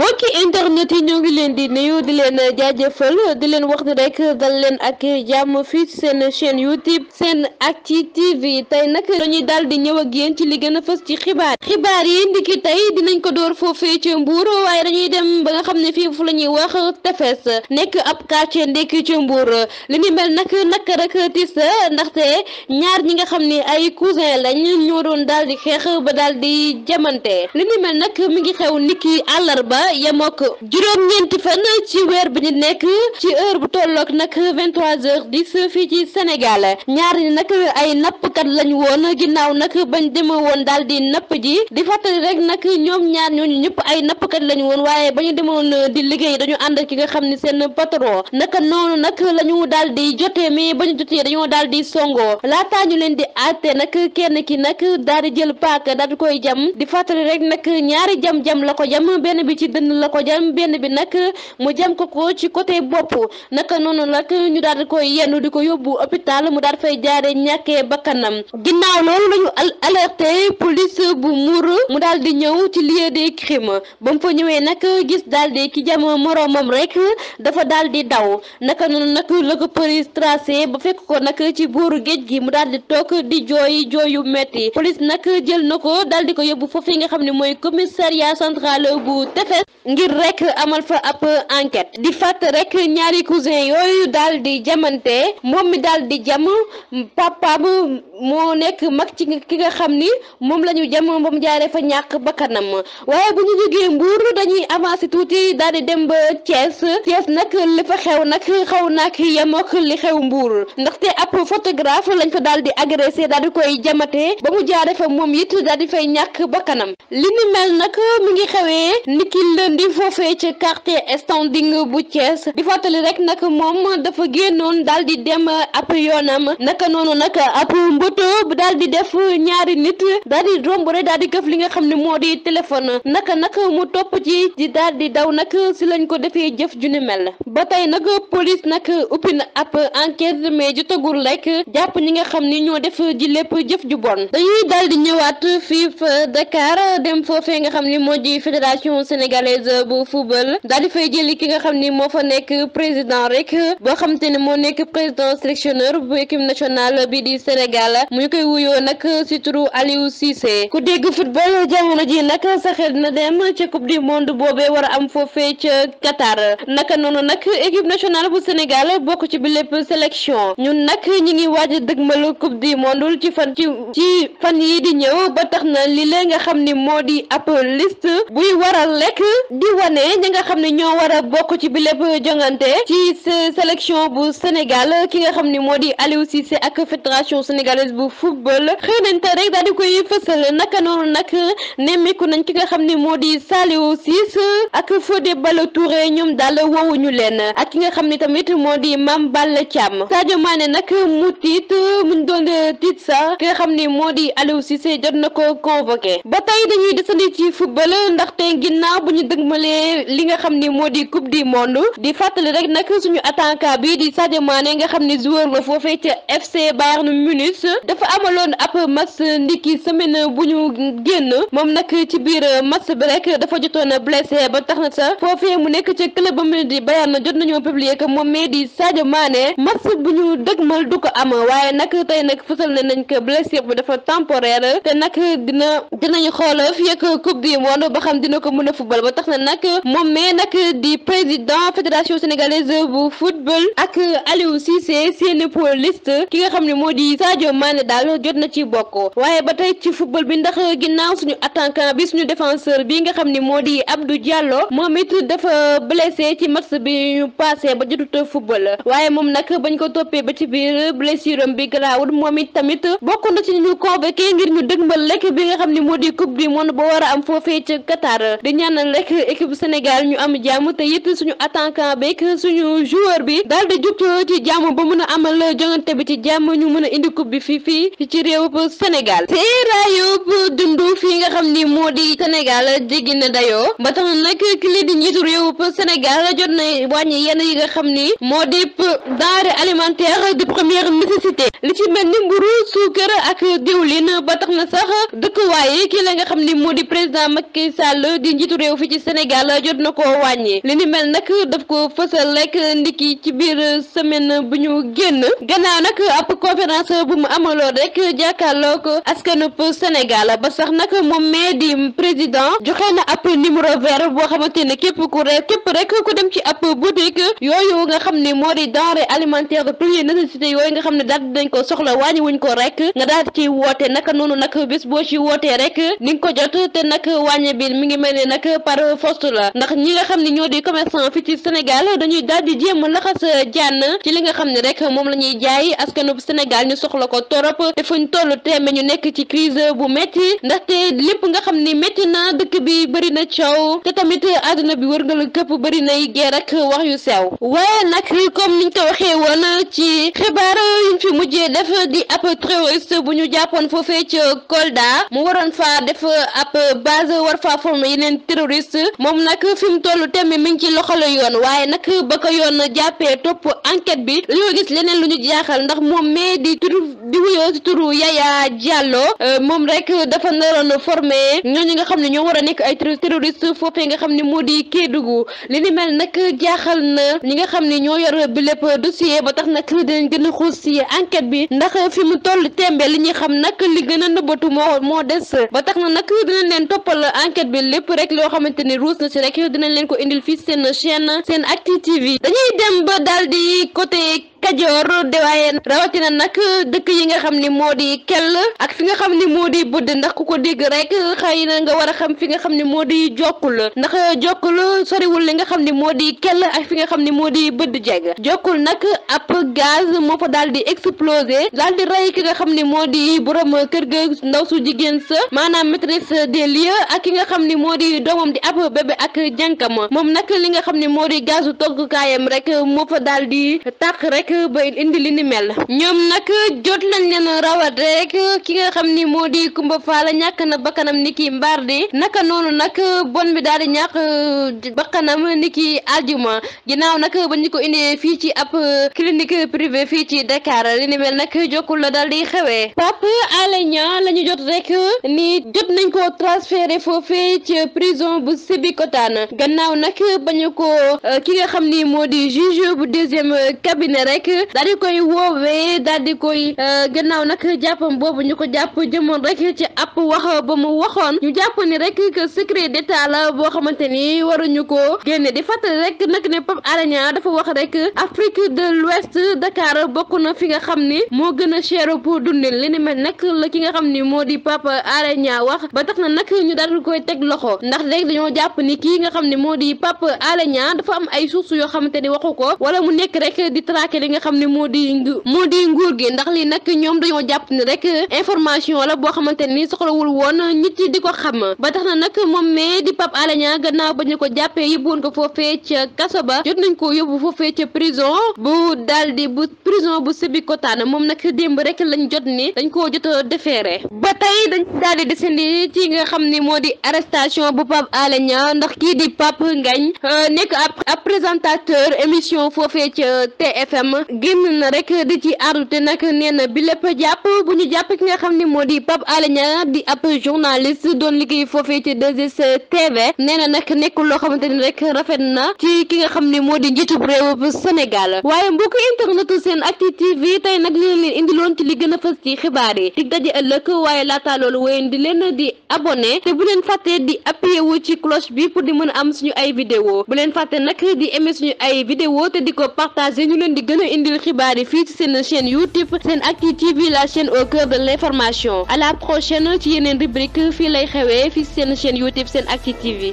mbokki internet yi ñoo ngi leen di nuyu di leen jaajëfal di leen wax ni rek dal leen ak jàmm fii seen chaîne youtube seen acti tv tey nag dañuy daal di ñëw ak yéen ci li gën fas ci xibaar xibaar yi ndiki tey dinañ ko door foofee ci mbuur waaye dañuy dem ba nga xam ne fii fu la ñuy wax tefes nekk ab quartier ndekki ci mbuur li ni mel nag nak rek tis ndaxte ñaar ñi nga xam ne ay cousin lañ ñoo doon daal di xeex ba daal di jamante li ni mel nag mi ngi xew niki àllarba yemook juróom-ñeenti fan ci weer bi ñu nekk ci heure bu tolloog nag vingt trois heures dix fii ci Sénégal ñaar ñi nag ay nappkat lañ woon ginnaaw nag bañ deme woon daal di napp ji di fàttali rek nag ñoom ñaar ñooñu ñëpp ay nappkat lañ woon waaye ba ñu demoon di liggéey dañu ànd ki nga xam ni seen patron naka noonu nag la ñu daal di jotee mais ba ñu jotee dañoo daal di songoo laataa ñu leen di àtte nag kenn ki nag daal di jël paaka daal di koy jam di fàttali rek nag ñaari jam jam la dënn la ko jam benn bi nag mu jam ko ko ci côté bopp naka noonu nag ñu daal di koy yenn di ko yóbbu hôpital mu daal fay jaare ñàkkee bakkanam ginnaaw loolu lañu alerté police bu muur mu daal di ñëw ci lieu de crimes ba mu fa ñëwee nag gis daal di ki jam moroomam rek dafa daal di daw naka noonu nag la ko police tracé ba fekk ko nag ci booru géej gi mu daal di toog di jooy jooy yu metti police nag jël na ko daal di ko yóbbu foofu yi nga xam ne mooy commissariat central bu ngir rekk amal fa ab enquête di fàtt rek ñaari cousin yooyu daal di jamante moom mi daal di jam papaam moo nekk mag ci ki nga xam ni moom la ñu jam ba mu jaaree fa ñàkk bakkanam waaye bu ñu jógee Mbour dañuy avancer tuuti daal di dem ba Thiès Thiès nag li fa xew nag xaw naak yemook li xew mbuur ndaxte ab photographe lañ fa daal di agressé daal di koy jamate ba mu jaaree fa moom it daal di fay ñàkk bakkanam li ni mel nag mi ngi xewee niki lëndi foofee ci quartier standing bu Thiès di fàttali rek nag moom dafa génnoon daal di dem ab yoonam naka noonu nag ab mboto bu daal di def ñaari nit daal di romb rek daal di këf li nga xam ne moo di téléphone naka nag mu topp ci di daal di daw nag si lañ ko defee jëf ju ne mel ba tey nag police nag uppi na ab enquête mais jotagul rek jàpp ñi nga xam ni ñoo def ji lépp jëf ju bon dañuy daal di ñëwaat fii Dakar dem foofee nga xam ni moo di fédération Sénégal sénégalaise bu football daal di fay jëli ki nga xam ni moo fa nekk président rek boo xam te ne moo nekk président sélectionneur bu équipe nationale bi di Sénégal mu ñu koy wuyoo nag si turu Aliou Cissé ku dégg football jamono ji nag sa na dina dem ci coupe du monde boobee war a am foofee ca Qatar naka noonu nag équipe nationale bu Sénégal bokk ci bi lépp sélection ñun nag ñi ngi waaj a dëgmal coupe du monde ci fan ci ci fan yi di ñëw ba tax na li nga di ab di wane ñi nga xam ne ñoo war a bokk ci bi lépp jongante ci sélection bu Sénégal ki nga xam ni moo di Aliou Cissé ak fédération sénégalaise bu football xëy nañ tey rek daal di koy fësal naka noonu nag nemmeeku nañ ki nga xam ne moo di Saliou Cissé ak Fodé Ballo-Touré ñoom daal wowuñu leen ak ki nga xam ni tamit moo di Mame Balla Thiam Sadio Mané nag mu tiit mu doon tiit sax ki nga xam ni moo di Aliou Cissé jot na ko convoqué ba tey dañuy desandi ci football ñu dëgmalee li nga xam ni moo di coupe du monde di fàttali rek nag suñu attaquant bi di Sadio Mané nga xam ni joueur la foofee ca FC Bayern Munich dafa amaloon ab match ndiki semaine bu ñu génn moom nag ci biir match bi rek dafa jotoon blessé ba tax na sax foofee mu nekk ca club ba mu di na jot nañoo publier que moom mais di Sadio Mané match bu ñu dëgmal du ko am waaye nag tey nag fësal ne nañ ko blessure bi dafa temporaire te nag dina a ba tax na nag moom mee nag di président fédération sénégalaise bu football ak Aliou Cissé seen liste ki nga xam ne moo di Sadio Mané daal jot na ci bokk waaye ba tey ci football bi ndax ginnaaw suñu attaquant bi suñu défenseur bi nga xam ni moo di Abdou Diallo moom it dafa blessé ci match bi ñu passé ba jotut football waaye moom nag bañ ko toppee ba ci biir blessure am bi garaawul moom it tamit bokk na ci ñu convoqué ngir ñu dëgmal lekk bi nga xam ne moo di coupe du a rek équipe Sénégal ñu am jàmm te it suñu attaquant beeg suñu joueur bi daal di jug ci jàmm ba mën a amal jongante bi ci jàmm ñu mën a indi coupe bi fii fii ci réewub Sénégal seeraayub dund fii nga xam ni moo di Sénégal jéggi na dayo ba tax nag kii di njiitu réewub Sénégal jot na wàññi yenn yi nga xam ni moo di denrée alimentaire de première nécessité li ci mel ni mburu suukar ak diwlin ba tax na sax dëkkuwaay kii la nga xam ni moo di président Macky Sall di njiitu réew fii ci Sénégal jot na ko wàññi li ni mel nag daf ko fësal rek ndiki ci biir semaine bu ñu génn gannaaw nag ab conférence bu mu amaloo rek jàkkaarloo ko askanub Sénégal ba sax nag moom mee di président joxe na ab numéro vert boo xamante ne képp ku rek képp rek ku dem ci ab boutique yooyu nga xam ni moo di denrée alimentaire de première nécessité nga xam ne daal ko soxla wàññi wuñ ko rek nga daal ci woote naka noonu nag bés boo ci wootee rek ni ko jot te nag wàññe bi mi ngi mel ne nag par force la ndax ñi nga xam ni ñoo di commerçant fii ci Sénégal dañuy daal di jéem laxas jànn ci li nga xam ne rek moom la ñuy jaay askanu Sénégal ñu soxla ko torop te fuñ toll teeme ñu nekk ci crise bu métti te lépp nga xam ni métti na dëkk bi bëri na coow te tamit àdduna bi wërngal këpp bëri nay geer ak wax yu sew mujjee def di ab terroriste bu ñu jàppoon foofee ca Kolda mu waroon fa def ab base war fa forme yeneen terroriste moom nag fi mu toll temb mi ngi ci loxolo yoon waaye nag ba ko yoon jàppee topp enquête bi dañoo gis leneen lu ñu jaaxal ndax moom mais di tur di wuyoo ci turu Yaya Diallo euh, moom rek dafa naroon formé ñooñu nga xam ne ñoo war a nekk ay terroriste foofee nga xam ni moo di Kédougou li ni mel nag jaaxal na ñi nga xam ne ñoo yor bi lépp dossier ba tax nag dinañ gën a xuus ci enquête bi ndax fi mu toll tembe li ñuy xam nag li gën a nëbbatu moo moo des ba tax na nag dinañ leen toppal enquête bi lépp rek loo xamante ni ruus na si rek dinañ leen ko indil fii seen chaîne SENactu TV dañuy dem ba daal di côté kajoor de waaye rawatina nag dëkk yi nga xam ni moo di kell ak fi nga xam ni moo di bëdd ndax ku ko dégg rek xëy na nga war a xam fi nga xam ni moo di jokkul ndax jokkul soriwul li nga xam ni moo di kell ak fi nga xam ni moo di bëdd jeg jokkul nag ab gaz moo fa daal di explosé daal di rey ki nga xam ni moo di borom kër ga ndaw su jigéen sa maanaam maîtresse des lieux ak ki nga xam ni moo di doomam di ab bébé ak jànkam moom nag li nga xam ni moo di gazu toggukaayam rek moo fa daal di tàq rek rek ba indi li ni mel ñoom nag jot nañ leen rawat rek ki nga xam ni moo di Kumba Faala ñàkk na bakkanam ni ki mbaar di naka noonu nag bon bi daal di ñàkk euh, bakkanam ni ki aljuma ginnaaw nag ba ñu ko indee fii ci ab euh, clinique privée fii ci Dakar li ni mel nag jokkul la daal di xewee Pape Alé Niang la ñu jot rek ni jot nañ ko transféré foofee ci prison bu Sébikotane gannaaw nag ba ñu ko euh, ki nga xam ni moo di juge bu deuxième cabinet rek rek daal di koy woowee daal di koy euh, gannaaw nag jàppam boobu ñu ko jàpp jëmoon rek ci ab wax ba mu waxoon ñu jàpp ni rek que secret d'état la boo xamante ni waruñu ko génne di fàttali rek nag ne Pape Alé dafa wax rek Afrique de l'Ouest Dakar bokk na fi nga xam ni moo gën a cher pour dundin li ne mel nak la ki nga xam ni moo di Pape Alé wax ba tax na nag ñu daal koy teg loxo ndax rek dañoo jàpp ni kii nga xam ni moo di Pape Alé dafa am ay sources yoo xamante ni waxu ko wala mu nekk rek nga xam ne moo di moo di nguur gi ndax li nag ñoom dañoo jàpp ni rek information la boo xamante ni soxlawul woon nit yi di ko xam ba tax na nag moom mais di Pape Alé Niang gannaaw ba ñu ko jàppee yóbbuwoon ko foofee ca kaso ba jot nañ ko yóbbu foofee ca prison bu daal di bu prison bu Sébikotane moom nag démb rek lañ jot ni dañ ko jot a defeere ba tey dañ daal di desandi ci nga xam ni moo di arrestation bu Pape Alé Niang ndax kii di Pape Ngagne euh, nekk ab présentateur émission génn na rek di ci àddute nag nee na bi lépp jàpp bu ñu jàpp ki nga xam ni moo di Pape Alé Niang di ab journaliste doon liggéey foofee ci 2STV nee na nag nekkul loo xamante ni rek rafet na ci ki nga xam ne moo di njiitub réewub Sénégal waaye mbokk internetu seen acti tv tey nag li leen indiloon ci li gën a fës ci xibaar yi dig daje ëllëg waaye laata loolu wéyen di leen di abonné te bu leen fàttee di appuyé wu ci cloche bi pour di mën a am suñu ay vidéo ñu a indi xibaar yi fii ci seen chaîne YouTube SENactu TV la chaîne au cœur de l'information à la prochaine ci yeneen rubrique fii lay xewee fii ci seen chaîne YouTube SENactu TV